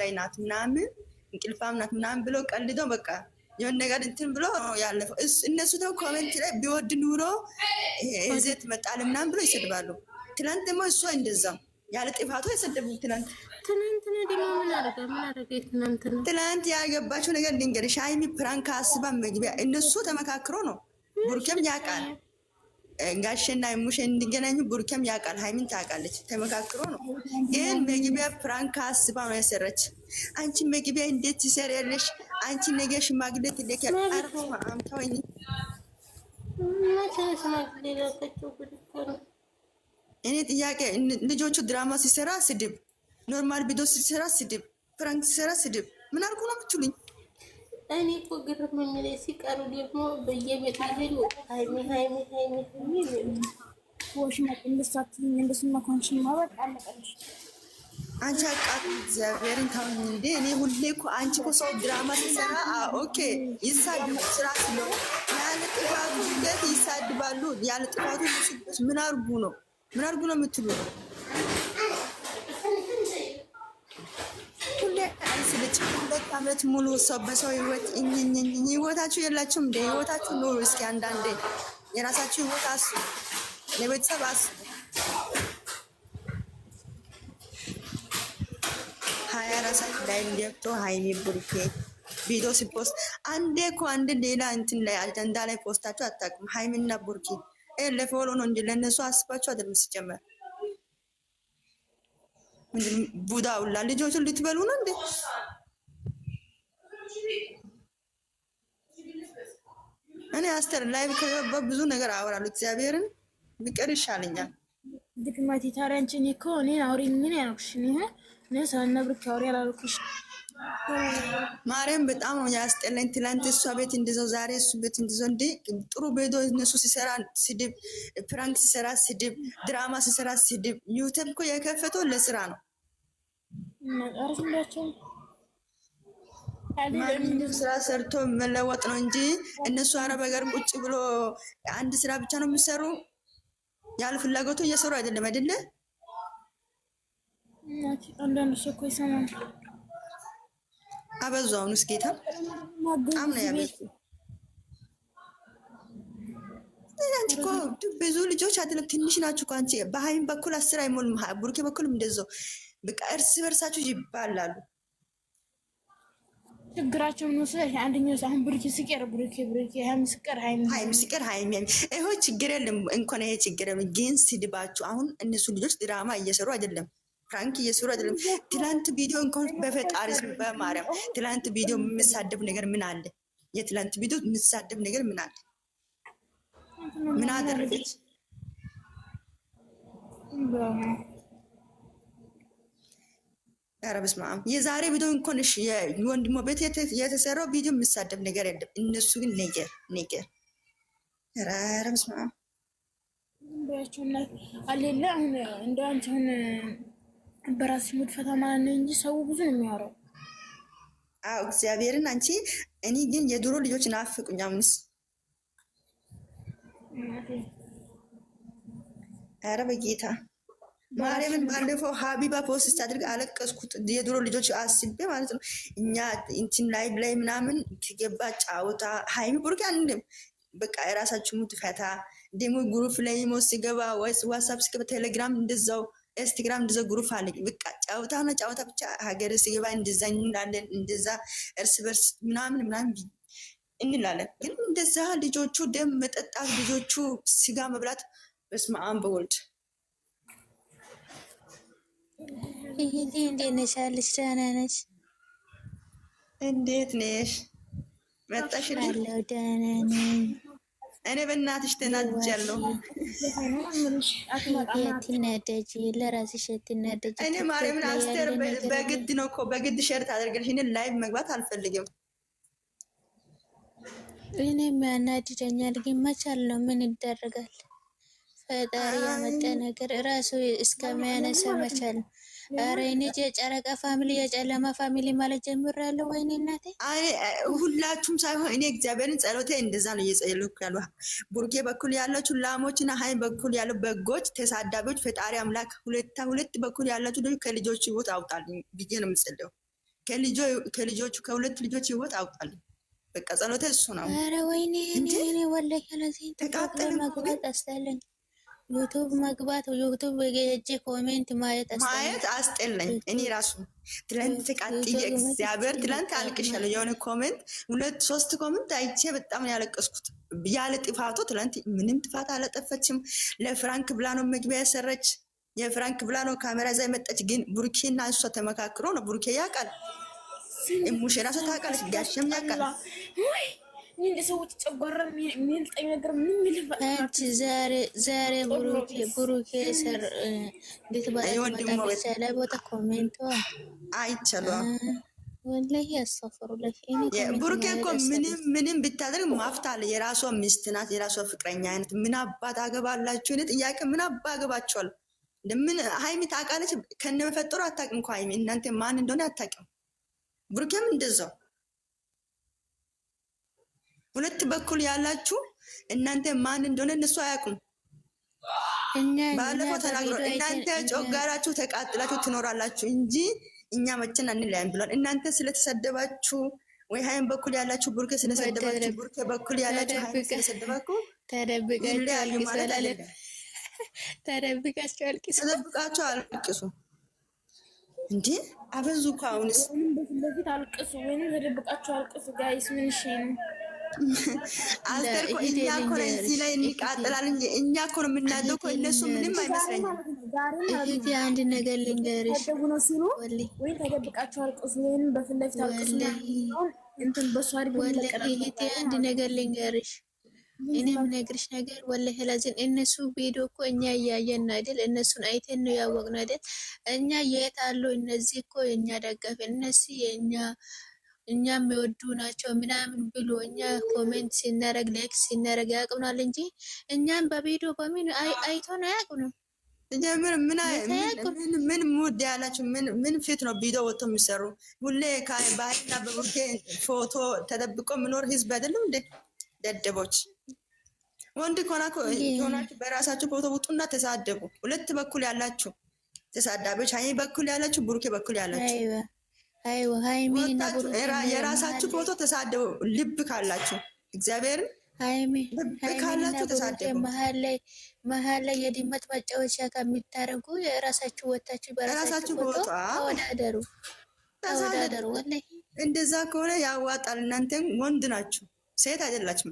ላይ ናት ምናምን እንቅልፋም ናት ምናምን ብሎ ቀልዶ በቃ የሆነ ነገር እንትን ብሎ ያለፈው እነሱ ተው ኮመንት ላይ ቢወድ ኑሮ እዚህ ትመጣል ምናምን ብሎ ይሰድባሉ። ትናንት ደግሞ እሷ እንደዛ ያለ ጥፋቷ የሰደቡ ትናንት ትናንትና ትናንት ያገባቸው ነገር ልንገርሽ፣ ሀይሚ ፕራንክ አስባ መግቢያ እነሱ ተመካክሮ ነው ቡርኬም ያውቃል ጋሽና ሙሽ እንዲገናኙ ቡርኬም ያውቃል፣ ሀይሚን ታውቃለች። ተመካክሮ ነው። ግን መግቢያ ፕራንክ አስባ ነው ያሰረች። አንቺ መግቢያ እንዴት ትሰሪያለሽ? አንቺ ነገ ሽማግሌ ትልኪያለሽ። እኔ ጥያቄ ልጆቹ ድራማ ሲሰራ ስድብ፣ ኖርማል ቪዲዮ ሲሰራ ስድብ፣ ፕራንክ ሲሰራ ስድብ። ምን አልኩ ነው ብትሉኝ እኔ እኮ ግርም የሚለኝ ሲቀሩ ደግሞ በየቤት ሄዱ ሀይሚ ሀይሚ ሀይሚ አንቺ አቃት እግዚአብሔርን ታሁን እንዴ! እኔ ሁሌ እኮ አንቺ እኮ ሰው ድራማ ሲሰራ ኦኬ ይሳድቡ፣ ስራ ስለሆነ ያለ ጥፋቱ እንዴት ይሳድባሉ? ያለ ጥፋቱ ምን አርጉ ነው ምን አርጉ ነው የምትሉ አመት ሙሉ ሰው በሰው ህይወት ህይወታችሁ የላችሁም እንደ ህይወታችሁ ኑሩ። እስኪ አንዳንዴ የራሳችሁ ህይወት አስ ለቤተሰብ አስ ሀያ ራሳችሁ ላይ ገብቶ ሀይሚ ብሩኬ ቪዲዮ ሲፖስት አንዴ እኮ አንድ ሌላ እንትን ላይ አጀንዳ ላይ ፖስታችሁ አታውቅም። ሀይሚና ቡርኪ ለፎሎ ነው እንጂ ለእነሱ አስባችሁ አይደለም። ሲጀመር ቡዳ ሁላ ልጆቹን ልትበሉ ነው እንዴ? እኔ አስተር ላይ ከገባ ብዙ ነገር አወራለሁ። እግዚአብሔርን ብቀር ይሻለኛል። ድክመቴ ታዲያ እኮ እኔን አውሪኝ ምን ያልኩሽ እኔ እኔ ሳልነግርሽ አውሪ አላልኩሽ። ማርያም በጣም ነው ያስጠላኝ። ትላንት እሷ ቤት እንደዛው፣ ዛሬ እሱ ቤት እንደዛው። እንደ ጥሩ ቤዶ እነሱ ሲሰራ ስድብ፣ ፕራንክ ሲሰራ ስድብ፣ ድራማ ሲሰራ ስድብ። ዩቲዩብ እኮ የከፈተው ለስራ ነው። ማንም ስራ ሰርቶ መለወጥ ነው እንጂ እነሱ አረብ ሀገር ቁጭ ብሎ አንድ ስራ ብቻ ነው የሚሰሩ። ያለ ፍላጎቱ እየሰሩ አይደለም አይደለ? አንዳንድ ሰው እኮ ይሰማል። አበዙ አሁን እስጌታ አምነ ያበዙ አንቺ እኮ ብዙ ልጆች አይደለም ትንሽ ናችሁ እኮ አንቺ በሀይም በኩል አስር አይሞሉም፣ ቡርኬ በኩልም እንደዛው። በቃ እርስ በርሳችሁ ይባላሉ። ችግራቸው ነው። ስለዚህ አንደኛው አሁን ብሩኬ ስቄር ብሩኬ ብሩኬ ሀይም ስቀር ሀይም ስቀር ሀይም ይሆ ችግር የለም እንኳን ይሄ ችግር የለም። ግን ስድባችሁ አሁን እነሱ ልጆች ድራማ እየሰሩ አይደለም፣ ፍራንክ እየሰሩ አይደለም። ትላንት ቪዲዮ እንኳን በፈጣሪ በማርያም ትላንት ቪዲዮ የምሳደብ ነገር ምን አለ? የትላንት ቪዲዮ የምሳደብ ነገር ምን አለ? ምን አደረገች? ኧረ በስመ አብ የዛሬ ቪዲዮ እንኳን እሺ፣ የወንድሞ ቤት የተሰራው ቪዲዮ የሚሳደብ ነገር የለም። እነሱ ግን ነገር ነገር ኧረ በስመ አብ አሌለ አሁን እንደ አንቺ አሁን በራስሽ ሙድ ፈታ ማለት ነው እንጂ ሰው ብዙ ነው የሚያወራው። አዎ እግዚአብሔርን አንቺ እኔ ግን የድሮ ልጆች ናፍቁኝ። አሁንስ ኧረ በጌታ ማርያምን ባለፈው ሀቢባ ፖስት ስታደርግ አለቀስኩት። የድሮ ልጆች አስቤ ማለት ነው። እኛ እንትን ላይቭ ላይ ምናምን ከገባ ጫወታ ሀይሚ ቡርክ አንድም በቃ የራሳችሁ ሙድ ፈታ ደግሞ ጉሩፍ ላይ ሞ ሲገባ ወይስ ዋትሳፕ ሲገባ ቴሌግራም እንደዛው ኢንስታግራም እንደዛ ጉሩፍ አለ። በቃ ጫወታ ጫወታና ጫወታ ብቻ ሀገር ሲገባ እንደዛ እንላለን። እንደዛ እርስ በርስ ምናምን ምናምን እንላለን። ግን እንደዛ ልጆቹ ደም መጠጣት ልጆቹ ስጋ መብላት በስመ አብ በወልድ ይሄ እንዴት ነሽ አለች። ደህና ነች። እንዴት ነሽ መጣሽልኝ? ደህና ነኝ። እኔ በእናትሽ ተናድጃለሁ። ለራስሽ እኔ ማርያምን በግድ ነው እኮ በግድ ሸርት እኔ ላይቭ መግባት አልፈልግም። እኔ ያናድደኛል፣ ግን መቻል ነው ምን ይደረጋል። ፈጣሪ የመጣ ነገር ራሱ እስከሚያነሳ መቻል አረ እኔ የጨረቃ ፋሚሊ የጨለማ ፋሚሊ ማለት ጀምራለሁ። ወይኔ እናቴ አይ ሁላችሁም ሳይሆን እኔ እግዚአብሔርን ጸሎቴ እንደዛ ነው እየጸለይኩ ያሉ ቡርኬ በኩል ያላችሁ ላሞችና ሀይ በኩል ያለው በጎች ተሳዳቢዎች፣ ፈጣሪ አምላክ ሁለታ ሁለት በኩል ያላችሁ ደግሞ ከልጆች ህይወት አውጣል ብዬ ነው የምጸልየው። ከልጆቹ ከሁለት ልጆች ህይወት አውጣል። በቃ ጸሎቴ እሱ ነው። አረ ወይኔ ወለ ተቃጠለ መግባት አስተለኝ ዩቱብ መግባት ዩቱብ የእጅ ኮሜንት ማየት ማየት አስጠላኝ። እኔ ራሱ ትላንት ቃጥዬ እግዚአብሔር ትላንት አልቅሻለሁ። የሆነ ኮሜንት ሁለት ሶስት ኮሜንት አይቼ በጣም ያለቀስኩት ያለ ጥፋቶ። ትላንት ምንም ጥፋት አላጠፈችም። ለፍራንክ ብላ ነው መግቢያ ያሰረች የፍራንክ ብላ ነው ካሜራ ዛ የመጣች። ግን ቡርኬ ቡርኬና እሷ ተመካክሮ ነው ቡርኬ ያውቃል፣ ሙሽ ራሷ ታውቃለች፣ ጋሸም ያውቃል እንደ ሰዎች ጨጓራ የሚልጠኝ ነገር ምን ይልፋች ዛሬ ዛሬ ብሩኬ ብሩኬ ሰር እንዴት ባለ ቦታ ኮሜንቶ አይቻሉ ወላሂ ያሳፈሩለሽ። ብሩኬ እኮ ምንም ምንም ብታደርግ ማፍታለ የራሷ ሚስት ናት፣ የራሷ ፍቅረኛ አይነት ምን አባት አገባላችሁ? እኔ ጥያቄ ምን አባ አገባችኋል? ምን ሀይሚ ታውቃለች? መፈጠሩ አታውቅም እኮ ሀይሚ እናንተ ማን እንደሆነ አታውቅም። ብሩኬም እንደዛው ሁለት በኩል ያላችሁ እናንተ ማን እንደሆነ እነሱ አያውቁም። ባለፈው ተናግሮ እናንተ ጮጋራችሁ ተቃጥላችሁ ትኖራላችሁ እንጂ እኛ መቼን አንለያም ብሏል። እናንተ ስለተሰደባችሁ ወይ ሀይም በኩል ያላችሁ ቡርኬ ስለሰደባችሁ፣ ቡርኬ በኩል ያላችሁ ስለሰደባችሁ ተደብቃችሁ አልቅሱ፣ ተደብቃችሁ አበዙ እኮ አሁንስ፣ ወይንም አልቅሱ፣ ወይንም ተደብቃችሁ አልቅሱ። ጋይስ ምን አስተር እኮ እኛ እኮ ነው እዚህ ላይ እንቃጥላል እንጂ እኛ እኮ ነው የምናደው እኮ እነሱ ምንም አይመስለኝም። እህቴ አንድ ነገር ልንገርሽ፣ ወይ ተደብቃችሁ አልቅሱ ወይም በፊት ለፊት አልቅሱ። እንትን በሱ አድርግ። እህቴ አንድ ነገር ልንገርሽ፣ እኔ የምነግርሽ ነገር ወላሂ ላዚን እነሱ ቪዲዮ እኮ እኛ እያየን ነው አይደል? እነሱን አይተን ነው ያወቅነው አይደል? እኛ የት አሉ እነዚህ እኮ የእኛ ደጋፊ እነዚህ የእኛ እኛ የሚወዱ ናቸው ምናምን ብሎ እኛ ኮሜንት ሲናረግ ላይክ ሲናረግ ያቅብናል እንጂ እኛም በቪዲዮ በሚን አይቶን አያቅብንም። ጀምር ምን ሙድ ያላችሁ ምን ፊት ነው ቪዲዮ ወጥቶ የሚሰሩ? ሁሌ በሀይና በቡርኬ ፎቶ ተደብቆ ምኖር ህዝብ አይደለም እንዴ? ደደቦች ወንድ ከሆናችሁ በራሳችሁ ፎቶ ውጡና ተሳደቡ። ሁለት በኩል ያላችሁ ተሳዳቢዎች፣ ሀይ በኩል ያላችሁ፣ ቡርኬ በኩል ያላችሁ የራሳችሁ ፎቶ ተሳደቡ። ልብ ካላችሁ እግዚአብሔርን ካላችሁ መሀል ላይ የድመት መጫወቻ ከሚታረጉ የራሳችሁ ወታችሁ በራሳችሁ ፎቶ ተወዳደሩ። እንደዛ ከሆነ ያዋጣል። እናንተም ወንድ ናችሁ። ሴት አይደላችም።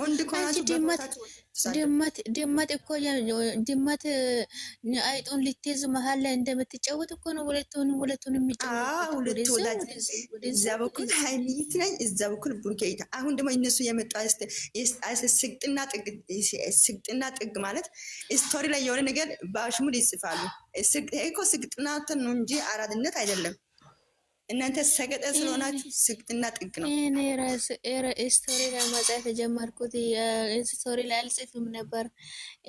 ወንድ ድመት እኮ ድመት አይጡን ልትይዝ መሀል ላይ እንደምትጫወት እኮ ነው። ሁለቱን ሁለቱን የሚጫወት እዛ በኩል ሀይሚት ነኝ፣ እዛ በኩል ቡርጌይታ። አሁን ደግሞ እነሱ የመጡ ስግጥና ጥግ ማለት ስቶሪ ላይ የሆነ ነገር በአሽሙድ ይጽፋሉ። እኮ ስግጥናትን ነው እንጂ አራድነት አይደለም። እናንተ ሰገጠ ስለሆናችሁ ስግጥና ጥግ ነው። ስቶሪ ላይ መጻፍ የጀመርኩት ስቶሪ ላይ አልጽፍም ነበር።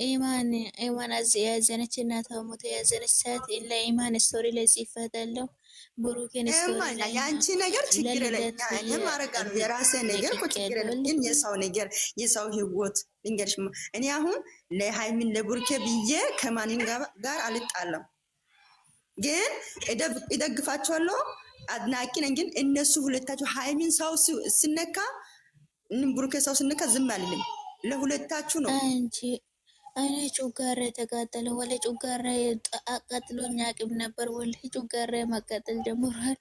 ኢማን ኢማን ያዘነች እናቷ ሞተ ያዘነች ሰት ለኢማን ስቶሪ ላይ ጽፈታለሁ። ብሩኬን የአንቺ ነገር ችግር ለኛም አረጋ ነው። የራሴ ነገር ችግር ግን የሰው ነገር የሰው ህይወት ልንገርሽ፣ እኔ አሁን ለሃይሚን ለቡርኬ ብዬ ከማንም ጋር አልጣለም፣ ግን እደግፋቸዋለሁ አድናቂ ነኝ፣ ግን እነሱ ሁለታችሁ ሀይሚን ሰው ስነካ ብሩኬ ሰው ስነካ ዝም አልልም። ለሁለታችሁ ነው እንጂ እኔ ጩጋሬ የተቃጠለ ወለ ጩጋሬ አቃጥሎ አቅም ነበር ወለ ጩጋሬ መቃጠል ጀምሯል።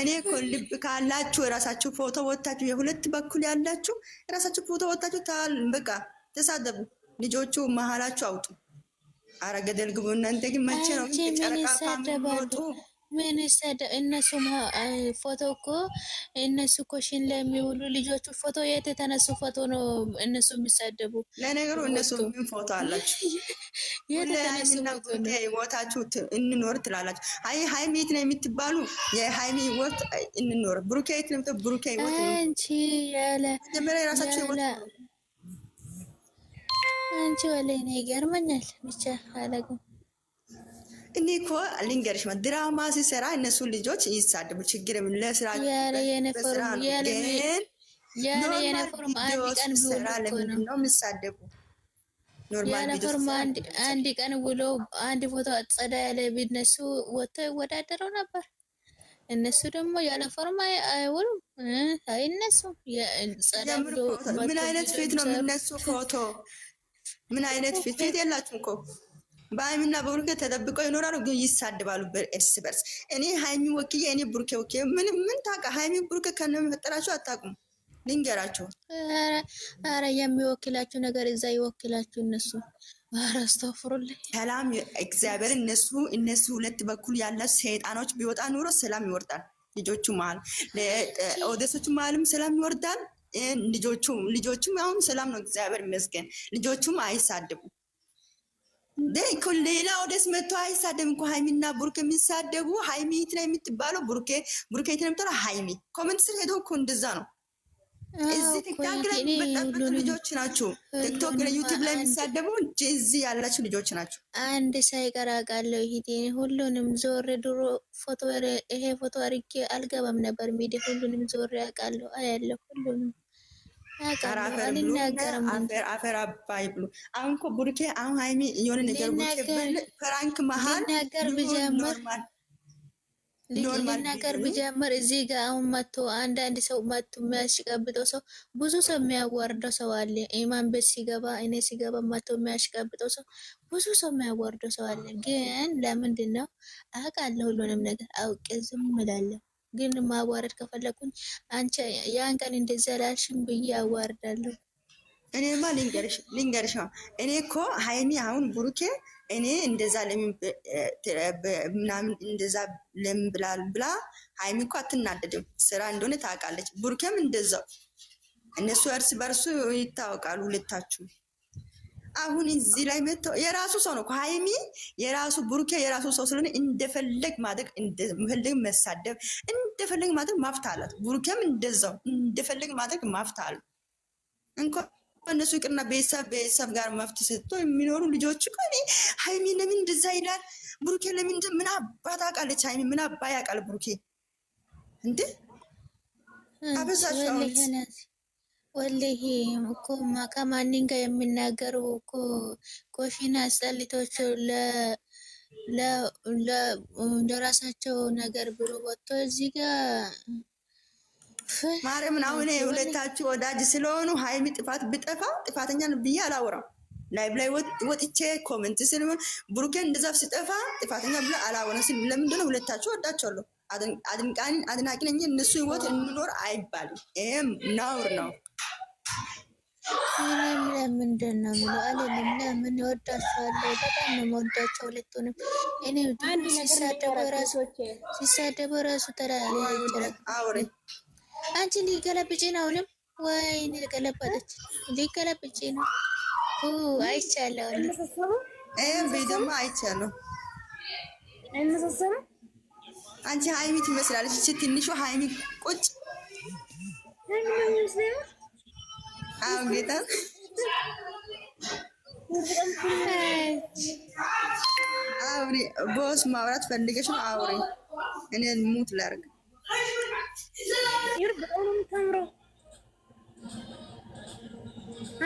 እኔ እኮ ልብ ካላችሁ የራሳችሁ ፎቶ ወታችሁ የሁለት በኩል ያላችሁ የራሳችሁ ፎቶ ወታችሁ በቃ ተሳደቡ፣ ልጆቹ መሀላችሁ አውጡ። አረገደል ግቡ እናንተ ግን መቼ ነው ጨረቃ ምን እነሱ ፎቶ እኮ እነሱ ኮሽን ለሚውሉ ልጆቹ ፎቶ የት የተነሱ ፎቶ ነው እነሱ የሚሳደቡ? ለነገሩ እነሱ ምን ፎቶ አላችሁ? ህይወታችሁ እንኖር ትላላችሁ። አይ ሀይሚ ነው የምትባሉ? የሀይሚ ህይወት እንኖር ብሩኬ የት ነው ብሩኬ ህይወት ያለ መጀመሪያ የራሳችሁ ህይወት አንቺ ወለኔ ይገርመኛል ብቻ አለግም እኔ እኮ ልንገርሽ ድራማ ሲሰራ እነሱ ልጆች ይሳደቡ ችግር ለስራ የሚሳደቡ ዩኒፎርም አንድ ቀን ውሎ አንድ ቦታ አጸዳ ያለ ቢነሱ ወጥተው ይወዳደረው ነበር። እነሱ ደግሞ ያለ ፎርማ አይውሉም አይነሱም። ምን አይነት ፊት ነው የምነሱ? ፎቶ ምን አይነት ፊት ፊት የላችሁ እኮ በሀይሚና በብሩኬ ተደብቀው ይኖራሉ፣ ግን ይሳድባሉ እርስ በርስ። እኔ ሀይሚ ወክዬ እኔ ብሩኬ ወክዬ ምን ምን ታውቃ? ሀይሚ ብሩኬ ከነመፈጠራቸው አታውቁም። ልንገራቸው። ኧረ የሚወክላችሁ ነገር እዛ ይወክላችሁ እነሱ አስተፍሩልኝ። ሰላም እግዚአብሔር እነሱ እነሱ ሁለት በኩል ያለ ሰይጣኖች ቢወጣ ኑሮ ሰላም ይወርዳል። ልጆቹ መሀል ኦደሶቹ መሀልም ሰላም ይወርዳል። ልጆቹም ልጆቹም አሁን ሰላም ነው፣ እግዚአብሔር ይመስገን። ልጆቹም አይሳድቡም። ሌላ ወደስ መጥቶ አይሳደብ እንኳ ሀይሚና ቡርኬ የሚሳደቡ ሀይሚ ትና የምትባለው ቡርኬ ቡርኬ ትና የምትለው ሀይሚ ኮመንት ስር ሄዶ እኮ እንደዛ ነው። እዚህ ቲክታክ ላይ የምትመጣበት ልጆች ናችሁ። ቲክቶክ ላይ ዩቲብ ላይ የሚሳደቡ ጄዚ ያላችሁ ልጆች ናችሁ። አንድ ሳይቀር አውቃለሁ። ሂቴ ሁሉንም ዞር ድሮ ፎቶ ይሄ ፎቶ አርጌ አልገባም ነበር ሚዲ ሁሉንም ዞር አውቃለሁ። አያለሁ ሁሉንም አፈር አባይ ብሎ አሁን እኮ ቡርኬ አሁን ሀይሚ የሆነ ነገር ፍራንክ መሀል ነገር ብጀምር እዚህ ጋ አሁን መቶ አንዳንድ ሰው መቶ የሚያሽቀብጠው ሰው ብዙ ሰው የሚያዋርደው ሰው አለ። ኢማን ቤት ሲገባ እኔ ሲገባ መቶ የሚያሽቀብጠው ሰው ብዙ ሰው የሚያዋርደው ሰው አለ። ግን ለምንድን ነው አውቃለሁ፣ ሁሉንም ነገር አውቄ ዝም እላለሁ። ግን ማዋረድ ከፈለኩኝ አንቺ ያን ቀን እንደዚያ ላልሽም ብዬ አዋርዳለሁ። እኔማ ልንገርሽ ልንገርሽ እኔ እኮ ሀይኒ አሁን ብሩኬ እኔ እንደዛ ምናምን እንደዛ ለምን ብላል ብላ ሀይሚ እኮ አትናደድም። ስራ እንደሆነ ታውቃለች። ብሩኬም እንደዛው እነሱ እርስ በርሱ ይታወቃሉ ሁለታችሁ አሁን እዚህ ላይ መጥተው የራሱ ሰው ነው ሀይሚ የራሱ ብሩኬ የራሱ ሰው ስለሆነ እንደፈለግ ማድረግ እንደፈለግ መሳደብ እንደፈለግ ማድረግ ማፍት አላት። ብሩኬም እንደዛው እንደፈለግ ማድረግ ማፍት አሉ። እንኳ በእነሱ ይቅርና ቤተሰብ ቤተሰብ ጋር መፍት ሰጥቶ የሚኖሩ ልጆች እኮ እኔ ሀይሚ ለምን እንደዛ ይላል ብሩኬ ለምን ምን አባት አውቃለች ሀይሚ ምን አባ ያውቃል ብሩኬ እንዴ አበዛሽ ወላሂ እኮ ከማንን ጋር የሚናገሩ እኮ ኮሽና አስጠልቶች ለራሳቸው ነገር ብሎ ወጥቶ እዚህ ጋር ማርያምን አሁን የሁለታችሁ ወዳጅ ስለሆኑ ሀይሚ ጥፋት ብጠፋ ጥፋተኛ ብዬ አላወራም። ላይብ ላይ ወጥቼ ኮመንት ስል ብሩኬን እንደዛ ስጠፋ ጥፋተኛ ብላ አላወራ ስል ለምንድነው? ሁለታችሁ ወዳቸዋለሁ። አድንቃኒ አድናቂ ነኝ። እነሱ ህይወት እንኖር አይባልም። ይሄም ነውር ነው። ምንም ለምንድን ነው ምለው አለም ለምን ወዳቸዋለሁ። በጣም ነው መወዳቸው ሁለቱንም። እኔ ሲሳደቡ ራሱ አንቺ ሊገለብጭ ነው አሁንም። ወይኔ ገለበጠች፣ ሊገለብጭ ነው። አይቻለሁ፣ ደግሞ አይቻለሁ። አንቺ ሀይሚ ትመስላለች። እች ትንሹ ሀይሚ ቁጭ ጌታ አውሪ ቦስ ማውራት ፈልገሽ ነው? አውሪ። እኔ ሙት ላርግ። ይር በጣም ነው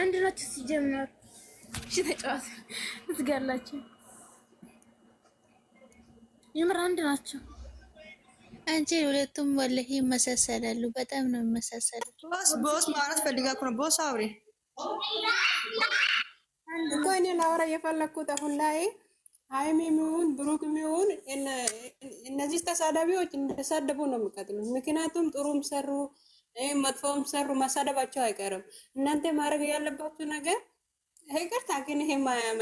አንድ ናችሁ ሲጀመር። እሺ ተጫዋት እዝጋላችሁ። የምር አንድ ናቸው። አንቺ ሁለቱም ወላሂ ይመሳሰላሉ። በጣም ነው ይመሳሰላሉ። ቦስ ቦስ ማለት ፈልጋኩ ነው። ቦስ አውሪ እኮ እኔ ላወራ የፈለኩት አሁን ላይ ሀይሚ የሚሆን ብሩክ የሚሆን እነዚህ ተሳዳቢዎች እንደሳደቡ ነው የሚቀጥሉት። ምክንያቱም ጥሩም ሰሩ መጥፎም ሰሩ መሳደባቸው አይቀርም። እናንተ ማድረግ ያለባችሁ ነገር ይቅርታ፣ ግን ይሄ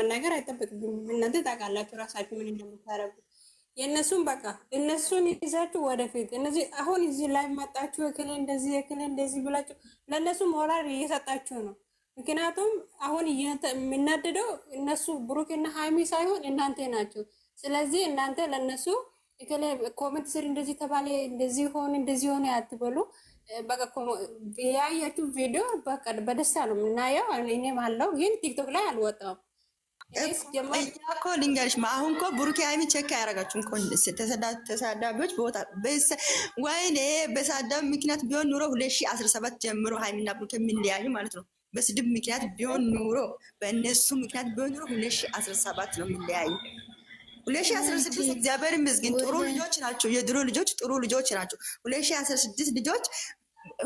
መናገር አይጠበቅብኝም። እናንተ ታውቃላችሁ ራሳችሁ ምን እንደምታረጉ የእነሱን በቃ እነሱን ይዛችሁ ወደፊት እነዚህ አሁን እዚህ ላይ መጣችሁ የክል እንደዚህ የክል እንደዚህ ብላችሁ ለእነሱ ሞራል እየሰጣችሁ ነው። ምክንያቱም አሁን የሚናደደው እነሱ ብሩክና ሀይሚ ሳይሆን እናንተ ናቸው። ስለዚህ እናንተ ለእነሱ ኮመንት ስር እንደዚህ ተባለ እንደዚህ ሆን እንደዚህ ሆነ ያትበሉ። በቃ ያያችሁ ቪዲዮ በቃ በደስታ ነው የምናየው። እኔም አለው ግን ቲክቶክ ላይ አልወጣም እኮ ልንገርሽ አሁን እኮ ብሩኬ ሀይሚን ቼክ አያረጋችሁም። ተሳዳቢዎች ቦታ ወይኔ በሳዳቢ ምክንያት ቢሆን ኑሮ ሁለት ሺህ አስራ ሰባት ጀምሮ ሀይሚና ብሩኬ የሚለያዩ ማለት ነው። በስድብ ምክንያት ቢሆን ኑሮ በእነሱ ምክንያት ቢሆን ኑሮ ሁለት ሺህ አስራ ሰባት ነው የሚለያዩ። ሁለት ሺህ አስራ ስድስት እግዚአብሔር ይመስገን ጥሩ ልጆች ናቸው። የድሮ ልጆች ጥሩ ልጆች ናቸው። ሁለት ሺህ አስራ ስድስት ልጆች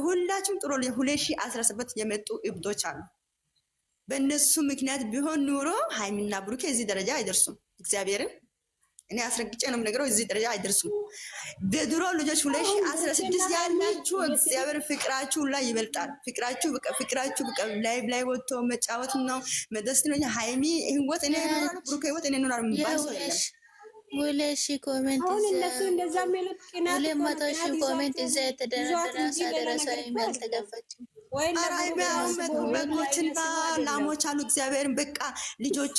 ሁላችሁም ጥሩ። ሁለት ሺህ አስራ ሰባት የመጡ እብዶች አሉ። በእነሱ ምክንያት ቢሆን ኑሮ ሀይሚና ብሩኬ እዚህ ደረጃ አይደርሱም። እግዚአብሔርን እኔ አስረግጬ ነው የምነግረው፣ እዚህ ደረጃ አይደርሱም። በድሮ ልጆች ሁለት ሺህ አስራ ስድስት ያላችሁ እግዚአብሔር ፍቅራችሁ ላይ ይበልጣል። ፍቅራችሁ በቃ ፍቅራችሁ ላይ ላይ ወጥቶ መጫወት ነው መደስት ነው። ሀይሚ ህይወት እኔ ነው ብሩኬ ህይወት እኔ ነው የሚባል ሰው ይላል። ሁለት ሺህ ኮሜንት ሁለት መቶ ሺህ ኮሜንት እዛ የተደረደረ ሰው ደረሰ ያልተገፋችም በጎችን ላሞች አሉ። እግዚአብሔርን በቃ ልጆቹ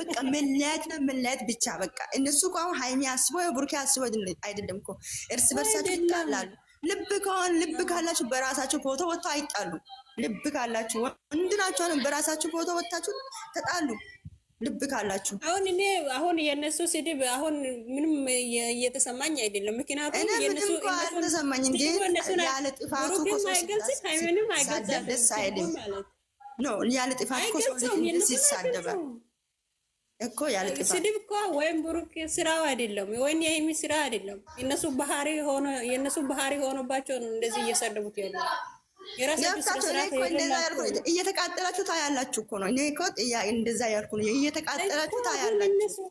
በቃ መለያየት ነው መለያየት ብቻ በቃ እነሱ እኮ አሁን ሀይሚ አስበው ብሩኬ አስበው አይደለም እኮ እርስ በርሳቸው ይጣላሉ። ልብ ከሆን ልብ ካላችሁ በራሳችሁ ፎቶ ወጥቶ አይጣሉ። ልብ ካላችሁ ወንድ ናቸውን በራሳችሁ ፎቶ ወጥታችሁ ተጣሉ። ልብ ካላችሁ አሁን እኔ አሁን የነሱ ስድብ አሁን ምንም እየተሰማኝ አይደለም። ምክንያቱም የነሱ አልተሰማኝ እንዴ ያለ ጥፋቱ ምንም አይገልጽም። ያለ ጥፋት እኮ እኮ ያለ ጥፋት ስድብ እኮ ወይም ብሩክ ስራው አይደለም ወይም የሀይሚ ስራ አይደለም። የእነሱ ባህሪ ሆኖ ባህሪ ሆኖባቸው ነው እንደዚህ እየሰደቡት ያለው እየተቃጠላችሁ ታያላችሁ እኮ ነው። እኔ እኮ እንደዛ ያልኩ ነው። እየተቃጠላችሁ ታያላችሁ፣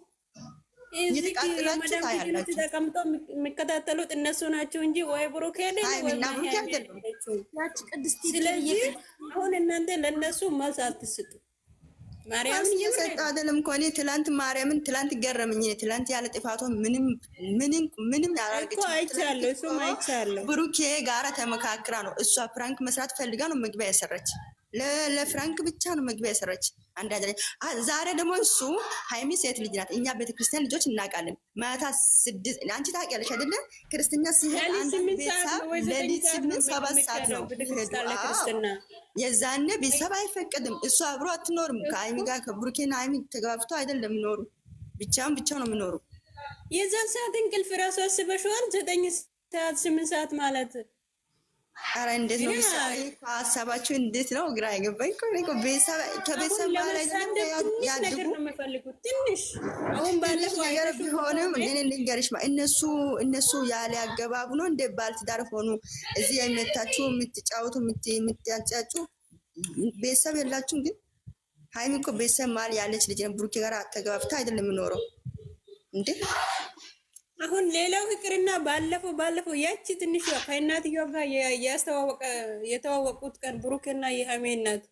የሚከታተሉት እነሱ ናቸው እንጂ ወይ ብሩክ ሄደ ስለዚህ አሁን እናንተ ለእነሱ መልስ አትስጡ። ማርያምን እየሰጠ አይደለም እኮ እኔ ትላንት ማርያምን ትላንት ገረመኝ። ትላንት ያለ ጥፋቶ ምንም ምንም ምንም አላደርግችም። አይቻለሁ፣ እሱም አይቻለሁ። ብሩኬ ጋራ ተመካክራ ነው እሷ ፕራንክ መስራት ፈልጋ ነው መግቢያ ያሰረች ለፍራንክ ብቻ ነው መግቢያ የሰራች አንድ ዛሬ ደግሞ እሱ ሃይሚ ሴት ልጅ ናት። እኛ ቤተክርስቲያን ልጆች እናውቃለን። ማታ ስድስት አንቺ ታውቂያለሽ አይደለ? ክርስትና ሲሄድ ሌሊት ስምንት ሰባት ሰዓት ነው። የዛነ ቤተሰብ አይፈቅድም። እሱ አብሮ አትኖርም ከሃይሚ ጋር ከቡርኬና ሃይሚ ተገባብቶ አይደለም የሚኖሩ ብቻውን ብቻው ነው የሚኖሩ። የዛን ሰዓት እንቅልፍ ራሱ አስበሽዋል? ዘጠኝ ሰዓት ስምንት ሰዓት ማለት ኧረ እንዴት ነው ሀሳባችሁ? እንዴት ነው ግራ የገባኝ ከቤተሰብ ነገር ቢሆንም ልንገርሽ፣ እነሱ ያለ አገባቡ ነው እንደ ባልትዳር ሆኑ። እዚህ የመታችሁ የምትጫወቱ የምትያጫጩ ቤተሰብ የላችሁም። ግን ሀይሚ እኮ ቤተሰብ መሀል ያለች ልጅ ነው። ቡርኬ ጋር ተገባብታ አይደለም የምኖረው እንዴ አሁን ሌላው ፍቅርና ባለፈው ባለፈው ያቺ ትንሽ ከእናትየዋ ጋር ያስተዋወቀ የተዋወቁት ቀን ብሩክና የሀሜ እናት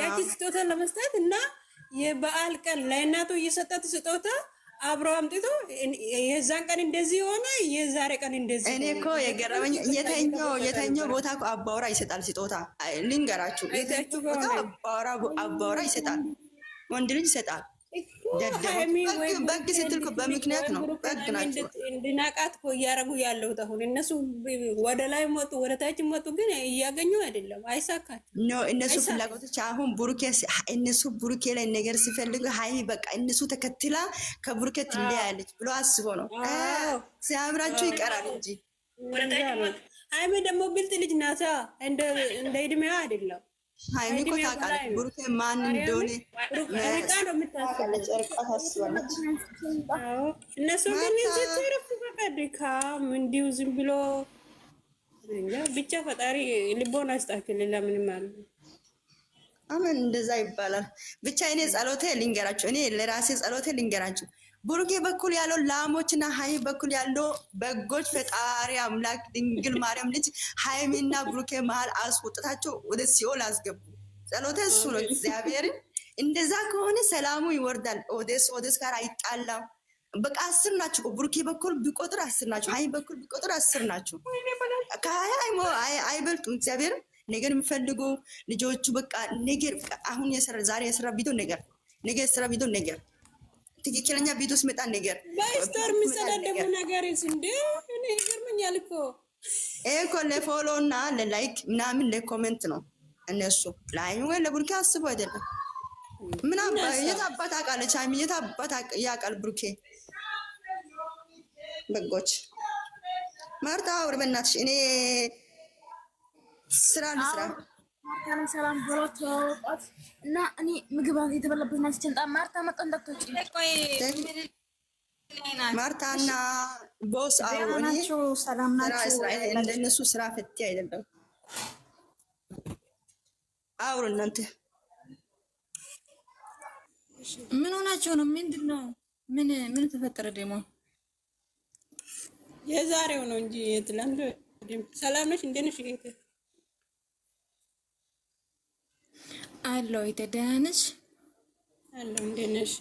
ያቺ ስጦታ ለመስጠት እና የበዓል ቀን ለእናቱ እየሰጣት ስጦታ አብሮ አምጥቶ የዛን ቀን እንደዚህ የሆነ የዛሬ ቀን እንደዚህ። እኔ እኮ የገረመኝ የተኛው የተኛው ቦታ እኮ አባወራ ይሰጣል ስጦታ። ልንገራችሁ፣ የተኛው ቦታ አባወራ ይሰጣል፣ ወንድ ልጅ ይሰጣል በግ ስትል በምክንያት ነው። በግ ናቸው እንድናቃት እኮ እያደረጉ ያለሁት አሁን እነሱ ወደ ላይ መጡ፣ ወደ ታች መጡ፣ ግን እያገኙ አይደለም። አይሳካል ኖ እነሱ ፍላጎቶች አሁን ቡሩኬ እነሱ ቡሩኬ ላይ ነገር ሲፈልጉ ሀይ በቃ እነሱ ተከትላ ከቡሩኬ ትለያለች ብሎ አስቦ ነው። ሲያምራቸው ይቀራል እንጂ ሀይሜ ደግሞ ብልጥ ልጅ ናታ፣ እንደ እድሜዋ አይደለም ሀይሚ ታውቃለች ብሩኬ ማን እንደሆነ እነሱ ግን እንዲሁ ዝም ብሎ ብቻ ፈጣሪ ልቦና ይስጣችሁ። ሌላ ምንም አለ አመን እንደዛ ይባላል። ብቻ እኔ ጸሎቴ እኔ ለራሴ ጸሎቴ ልንገራችሁ ቡሩጌ በኩል ያለው ላሞችና ሀይ በኩል ያለው በጎች ፈጣሪ አምላክ ድንግል ማርያም ልጅ ሀይሚና ቡሩኬ መሀል አስወጥታቸው ወደ ሲኦል አስገቡ። ጸሎተ እሱ ነው። እግዚአብሔርን እንደዛ ከሆነ ሰላሙ ይወርዳል። ኦዴስ ኦዴስ ጋር አይጣላም። በቃ አስር ናቸው። ቡሩኬ በኩል ቢቆጥር አስር ናቸው። ሀይ በኩል ቢቆጥር አስር ናቸው። ከሀያ አይበልጡም። እግዚአብሔር ነገር የሚፈልጉ ልጆቹ በቃ ነገር አሁን የሰራ ዛሬ የሰራ ቢዶ ነገር ነገር የሰራ ቢዶ ነገር ትክክለኛ ቤት ውስጥ መጣ ነገር በስቶር የሚሰዳደቡ ነገር እንደ እኔ ይገርመኛል እኮ ይሄ እኮ ለፎሎ እና ለላይክ ምናምን ለኮመንት ነው። እነሱ ላይ ወይ ለቡርኬ አስቡ አይደለም ምናምን የት አባት አውቃለች አይሚ የት አባት ያውቃል ቡርኬ በጎች ማርታ አውሪ በእናትሽ እኔ ስራ ልስራ ማርታንም ሰላም በሏት ተዋወቋት እና እኔ ምግብ የተበላበት ማስቸንጣ ማርታ መጣ እንዳትወጪ እና ቦስ ናቸው። ሰላም ናቸው። እንደነሱ ስራ ፈቴ አይደለም። አውሩ እናንተ ምን ሆናቸው ነው? ምንድን ነው? ምን ምን ተፈጠረ? ደግሞ የዛሬው ነው እንጂ የትላንት ሰላም ነች። እንደነሽ ጌታ አለው ይተ ደህና ነሽ? አለው እንዴት ነሽ?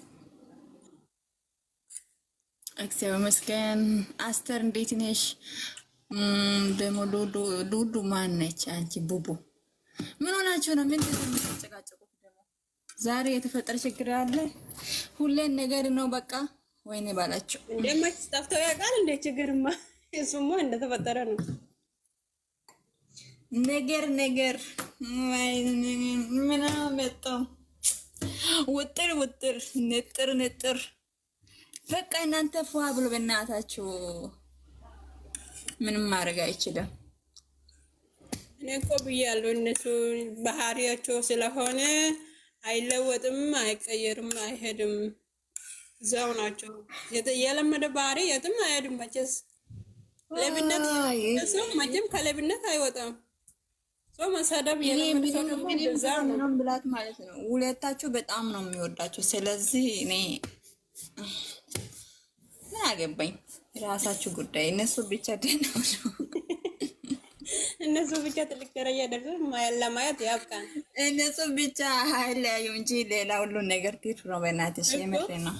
እግዚአብሔር ይመስገን። አስተር እንዴት ነሽ? ደግሞ ሉሉ ማን ነች? አንቺ ቡቡ ምን ሆናችሁ ነው? ምን ተጨቃጨቁት? ደግሞ ዛሬ የተፈጠረ ችግር አለ። ሁሌን ነገር ነው በቃ። ወይኔ ባላችሁ እንደማች ጠፍተው ያውቃል። እንደ ችግርማ እሱማ እንደተፈጠረ ነው። ነገር ነገር ምን መጣው ውጥር ውጥር ንጥር ንጥር በቃ እናንተ ፏ ብሎ በእናታችሁ ምንም ማድረግ አይችልም። እኔ እኮ ብያለሁ እነሱ ባህሪያቸው ስለሆነ አይለወጥም፣ አይቀየርም፣ አይሄድም። እዛው ናቸው። የለመደ ባህሪ የትም አይሄድም። መቼስ ሌብነት መቼም ከሌብነት አይወጣም። መሳደብ ምንም ብላት ማለት ነው። ሁለታችሁ በጣም ነው የሚወዳቸው። ስለዚህ እኔ ምን አገባኝ፣ የራሳችሁ ጉዳይ። እነሱ ብቻ ደህና ነው፣ እነሱ ብቻ ትልቅ ደረጃ ደርሶ ለማየት ያብቃን። እነሱ ብቻ ሀይል ያዩ እንጂ ሌላ ሁሉን ነገር ቴቱ ነው። በእናትሽ የምሬ ነው።